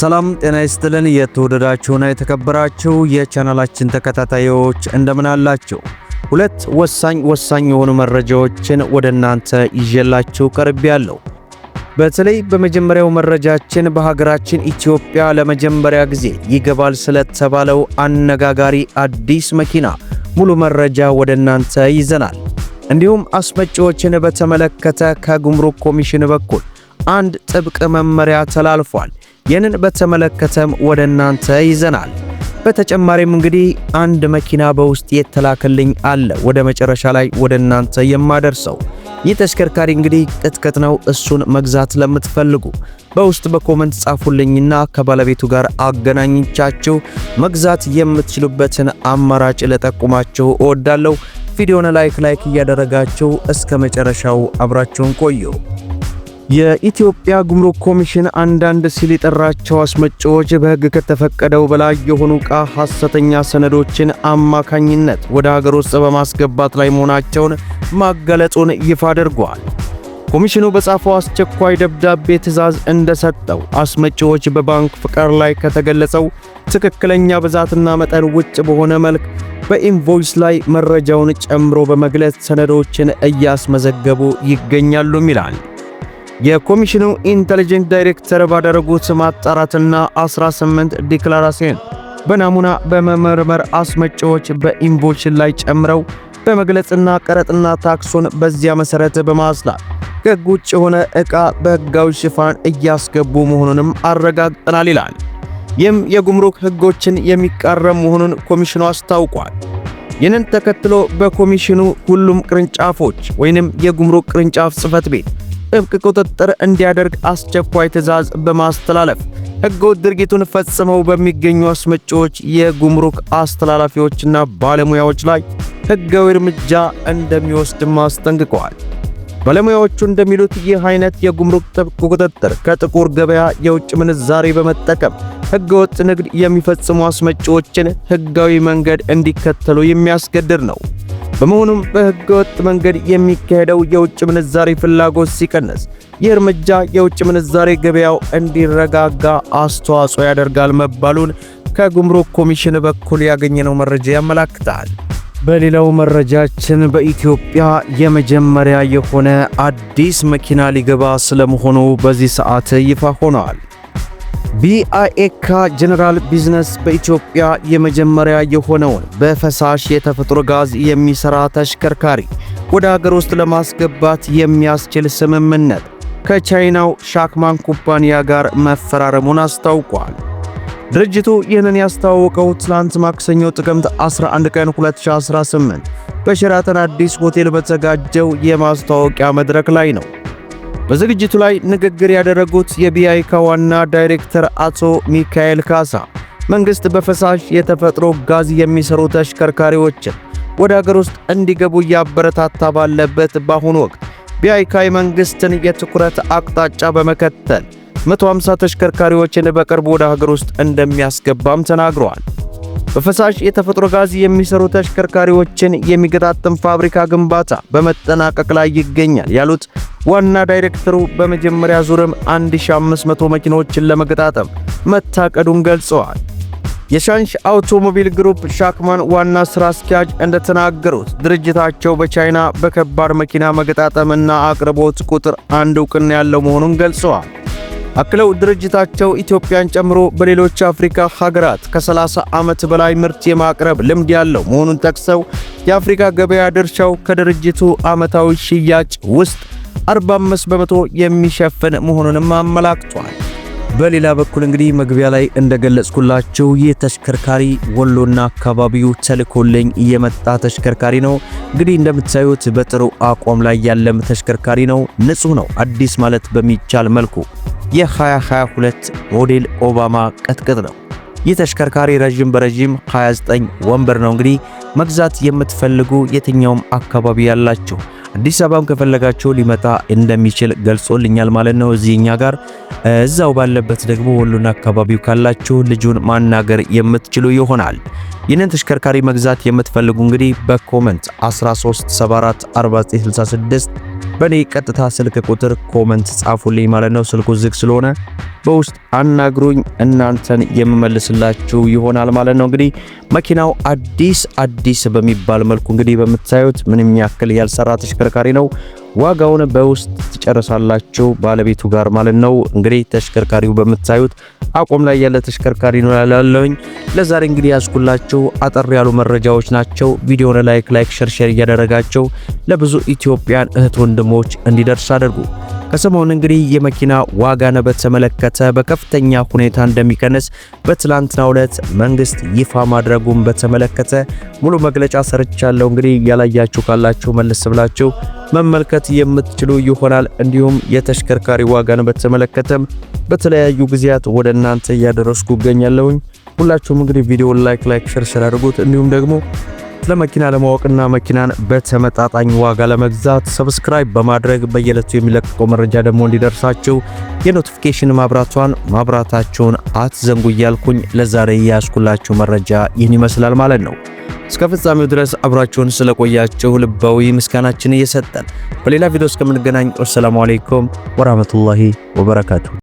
ሰላም ጤና ይስጥልን። የተወደዳችሁና የተከበራችሁ የቻናላችን ተከታታዮች እንደምን አላችሁ? ሁለት ወሳኝ ወሳኝ የሆኑ መረጃዎችን ወደ እናንተ ይዤላችሁ ቀርቤያለሁ። በተለይ በመጀመሪያው መረጃችን በሀገራችን ኢትዮጵያ ለመጀመሪያ ጊዜ ይገባል ስለተባለው አነጋጋሪ አዲስ መኪና ሙሉ መረጃ ወደ እናንተ ይዘናል። እንዲሁም አስመጪዎችን በተመለከተ ከጉምሩክ ኮሚሽን በኩል አንድ ጥብቅ መመሪያ ተላልፏል። ይህንን በተመለከተም ወደ እናንተ ይዘናል። በተጨማሪም እንግዲህ አንድ መኪና በውስጥ የተላከልኝ አለ ወደ መጨረሻ ላይ ወደ እናንተ የማደርሰው። ይህ ተሽከርካሪ እንግዲህ ቅጥቅጥ ነው። እሱን መግዛት ለምትፈልጉ በውስጥ በኮመንት ጻፉልኝና ከባለቤቱ ጋር አገናኝቻችሁ መግዛት የምትችሉበትን አማራጭ ለጠቁማችሁ እወዳለሁ። ቪዲዮን ላይክ ላይክ እያደረጋችሁ እስከ መጨረሻው አብራችሁን ቆዩ። የኢትዮጵያ ጉምሩክ ኮሚሽን አንዳንድ ሲል የጠራቸው አስመጪዎች በሕግ ከተፈቀደው በላይ የሆኑ ዕቃ ሐሰተኛ ሰነዶችን አማካኝነት ወደ ሀገር ውስጥ በማስገባት ላይ መሆናቸውን ማገለጹን ይፋ አድርጓል። ኮሚሽኑ በጻፈው አስቸኳይ ደብዳቤ ትዕዛዝ እንደሰጠው አስመጪዎች በባንክ ፍቃድ ላይ ከተገለጸው ትክክለኛ ብዛትና መጠን ውጭ በሆነ መልክ በኢንቮይስ ላይ መረጃውን ጨምሮ በመግለጽ ሰነዶችን እያስመዘገቡ ይገኛሉም ይላል። የኮሚሽኑ ኢንተሊጀንት ዳይሬክተር ባደረጉት ማጣራትና 18 ዲክላራሲን በናሙና በመመርመር አስመጪዎች በኢንቮልሽን ላይ ጨምረው በመግለጽና ቀረጥና ታክሱን በዚያ መሠረት በማስላት ከሕግ ውጭ የሆነ ዕቃ በህጋዊ ሽፋን እያስገቡ መሆኑንም አረጋግጠናል ይላል። ይህም የጉምሩክ ሕጎችን የሚቃረም መሆኑን ኮሚሽኑ አስታውቋል። ይህንን ተከትሎ በኮሚሽኑ ሁሉም ቅርንጫፎች ወይንም የጉምሩክ ቅርንጫፍ ጽህፈት ቤት ጥብቅ ቁጥጥር እንዲያደርግ አስቸኳይ ትዕዛዝ በማስተላለፍ ህገወጥ ድርጊቱን ፈጽመው በሚገኙ አስመጪዎች፣ የጉምሩክ አስተላላፊዎችና ባለሙያዎች ላይ ህጋዊ እርምጃ እንደሚወስድም አስጠንቅቀዋል። ባለሙያዎቹ እንደሚሉት ይህ አይነት የጉምሩክ ጥብቅ ቁጥጥር ከጥቁር ገበያ የውጭ ምንዛሬ በመጠቀም ህገወጥ ንግድ የሚፈጽሙ አስመጪዎችን ህጋዊ መንገድ እንዲከተሉ የሚያስገድድ ነው። በመሆኑም በህገወጥ መንገድ የሚካሄደው የውጭ ምንዛሬ ፍላጎት ሲቀንስ ይህ እርምጃ የውጭ ምንዛሬ ገበያው እንዲረጋጋ አስተዋጽኦ ያደርጋል መባሉን ከጉምሩክ ኮሚሽን በኩል ያገኘነው መረጃ ያመላክታል። በሌላው መረጃችን በኢትዮጵያ የመጀመሪያ የሆነ አዲስ መኪና ሊገባ ስለመሆኑ በዚህ ሰዓት ይፋ ሆኗል። ቢአይኤካ ጄኔራል ቢዝነስ በኢትዮጵያ የመጀመሪያ የሆነውን በፈሳሽ የተፈጥሮ ጋዝ የሚሠራ ተሽከርካሪ ወደ አገር ውስጥ ለማስገባት የሚያስችል ስምምነት ከቻይናው ሻክማን ኩባንያ ጋር መፈራረሙን አስታውቋል። ድርጅቱ ይህንን ያስተዋወቀው ትላንት ማክሰኞ ጥቅምት 11 ቀን 2018 በሸራተን አዲስ ሆቴል በተዘጋጀው የማስታወቂያ መድረክ ላይ ነው። በዝግጅቱ ላይ ንግግር ያደረጉት የቢአይካ ዋና ዳይሬክተር አቶ ሚካኤል ካሳ መንግሥት በፈሳሽ የተፈጥሮ ጋዝ የሚሰሩ ተሽከርካሪዎችን ወደ አገር ውስጥ እንዲገቡ እያበረታታ ባለበት በአሁኑ ወቅት ቢአይካ የመንግሥትን የትኩረት አቅጣጫ በመከተል 150 ተሽከርካሪዎችን በቅርቡ ወደ ሀገር ውስጥ እንደሚያስገባም ተናግረዋል። በፈሳሽ የተፈጥሮ ጋዝ የሚሰሩ ተሽከርካሪዎችን የሚገጣጠም ፋብሪካ ግንባታ በመጠናቀቅ ላይ ይገኛል ያሉት ዋና ዳይሬክተሩ በመጀመሪያ ዙርም 1500 መኪኖችን ለመገጣጠም መታቀዱን ገልጸዋል። የሻንሽ አውቶሞቢል ግሩፕ ሻክማን ዋና ሥራ አስኪያጅ እንደተናገሩት ድርጅታቸው በቻይና በከባድ መኪና መገጣጠምና አቅርቦት ቁጥር አንድ እውቅና ያለው መሆኑን ገልጸዋል። አክለው ድርጅታቸው ኢትዮጵያን ጨምሮ በሌሎች አፍሪካ ሀገራት ከ30 ዓመት በላይ ምርት የማቅረብ ልምድ ያለው መሆኑን ጠቅሰው የአፍሪካ ገበያ ድርሻው ከድርጅቱ ዓመታዊ ሽያጭ ውስጥ 45 በመቶ የሚሸፍን መሆኑንም አመላክቷል። በሌላ በኩል እንግዲህ መግቢያ ላይ እንደገለጽኩላችሁ ይህ ተሽከርካሪ ወሎና አካባቢው ተልኮልኝ የመጣ ተሽከርካሪ ነው። እንግዲህ እንደምታዩት በጥሩ አቋም ላይ ያለም ተሽከርካሪ ነው። ንጹህ ነው። አዲስ ማለት በሚቻል መልኩ የ2022 ሞዴል ኦባማ ቅጥቅጥ ነው። ይህ ተሽከርካሪ ረዥም በረዥም 29 ወንበር ነው። እንግዲህ መግዛት የምትፈልጉ የትኛውም አካባቢ ያላችሁ አዲስ አበባም ከፈለጋችሁ ሊመጣ እንደሚችል ገልጾልኛል ማለት ነው። እዚህኛ ጋር እዛው ባለበት ደግሞ ወሎና አካባቢው ካላችሁ ልጁን ማናገር የምትችሉ ይሆናል። ይህንን ተሽከርካሪ መግዛት የምትፈልጉ እንግዲህ በኮመንት 13744966 በእኔ ቀጥታ ስልክ ቁጥር ኮመንት ጻፉልኝ ማለት ነው። ስልኩ ዝግ ስለሆነ በውስጥ አናግሩኝ እናንተን የምመልስላችሁ ይሆናል ማለት ነው። እንግዲህ መኪናው አዲስ አዲስ በሚባል መልኩ እንግዲህ በምታዩት ምንም ያክል ያልሰራ ተሽከርካሪ ነው። ዋጋውን በውስጥ ትጨርሳላችሁ ባለቤቱ ጋር ማለት ነው። እንግዲህ ተሽከርካሪው በምታዩት አቁም ላይ ያለ ተሽከርካሪ ነው ያለውኝ። ለዛሬ እንግዲህ ያስኩላችሁ አጠር ያሉ መረጃዎች ናቸው። ቪዲዮውን ላይክ ላይክ ሸርሸር እያደረጋቸው ለብዙ ኢትዮጵያን እህት ወንድሞች እንዲደርስ አድርጉ። ከሰሞኑ እንግዲህ የመኪና ዋጋን በተመለከተ በከፍተኛ ሁኔታ እንደሚቀንስ በትላንትናው ዕለት መንግስት ይፋ ማድረጉን በተመለከተ ሙሉ መግለጫ ሰርቻለሁ። እንግዲህ ያላያችሁ ካላችሁ መለስ ብላችሁ መመልከት የምትችሉ ይሆናል። እንዲሁም የተሽከርካሪ ዋጋን በተመለከተም በተለያዩ ጊዜያት ወደ እናንተ እያደረስኩ እገኛለሁኝ። ሁላችሁም እንግዲህ ቪዲዮውን ላይክ ላይክ ሼር ስላድርጉት እንዲሁም ደግሞ ስለ መኪና ለማወቅና መኪናን በተመጣጣኝ ዋጋ ለመግዛት ሰብስክራይብ በማድረግ በየዕለቱ የሚለቀቀው መረጃ ደግሞ እንዲደርሳችሁ የኖቲፊኬሽን ማብራቷን ማብራታችሁን አትዘንጉ እያልኩኝ ለዛሬ ያስኩላችሁ መረጃ ይህን ይመስላል ማለት ነው። እስከ ፍጻሜው ድረስ አብራችሁን ስለቆያችሁ ልባዊ ምስጋናችን እየሰጠን በሌላ ቪዲዮ እስከምንገናኝ ወሰላሙ አሌይኩም ወራህመቱላሂ ወበረካቱሁ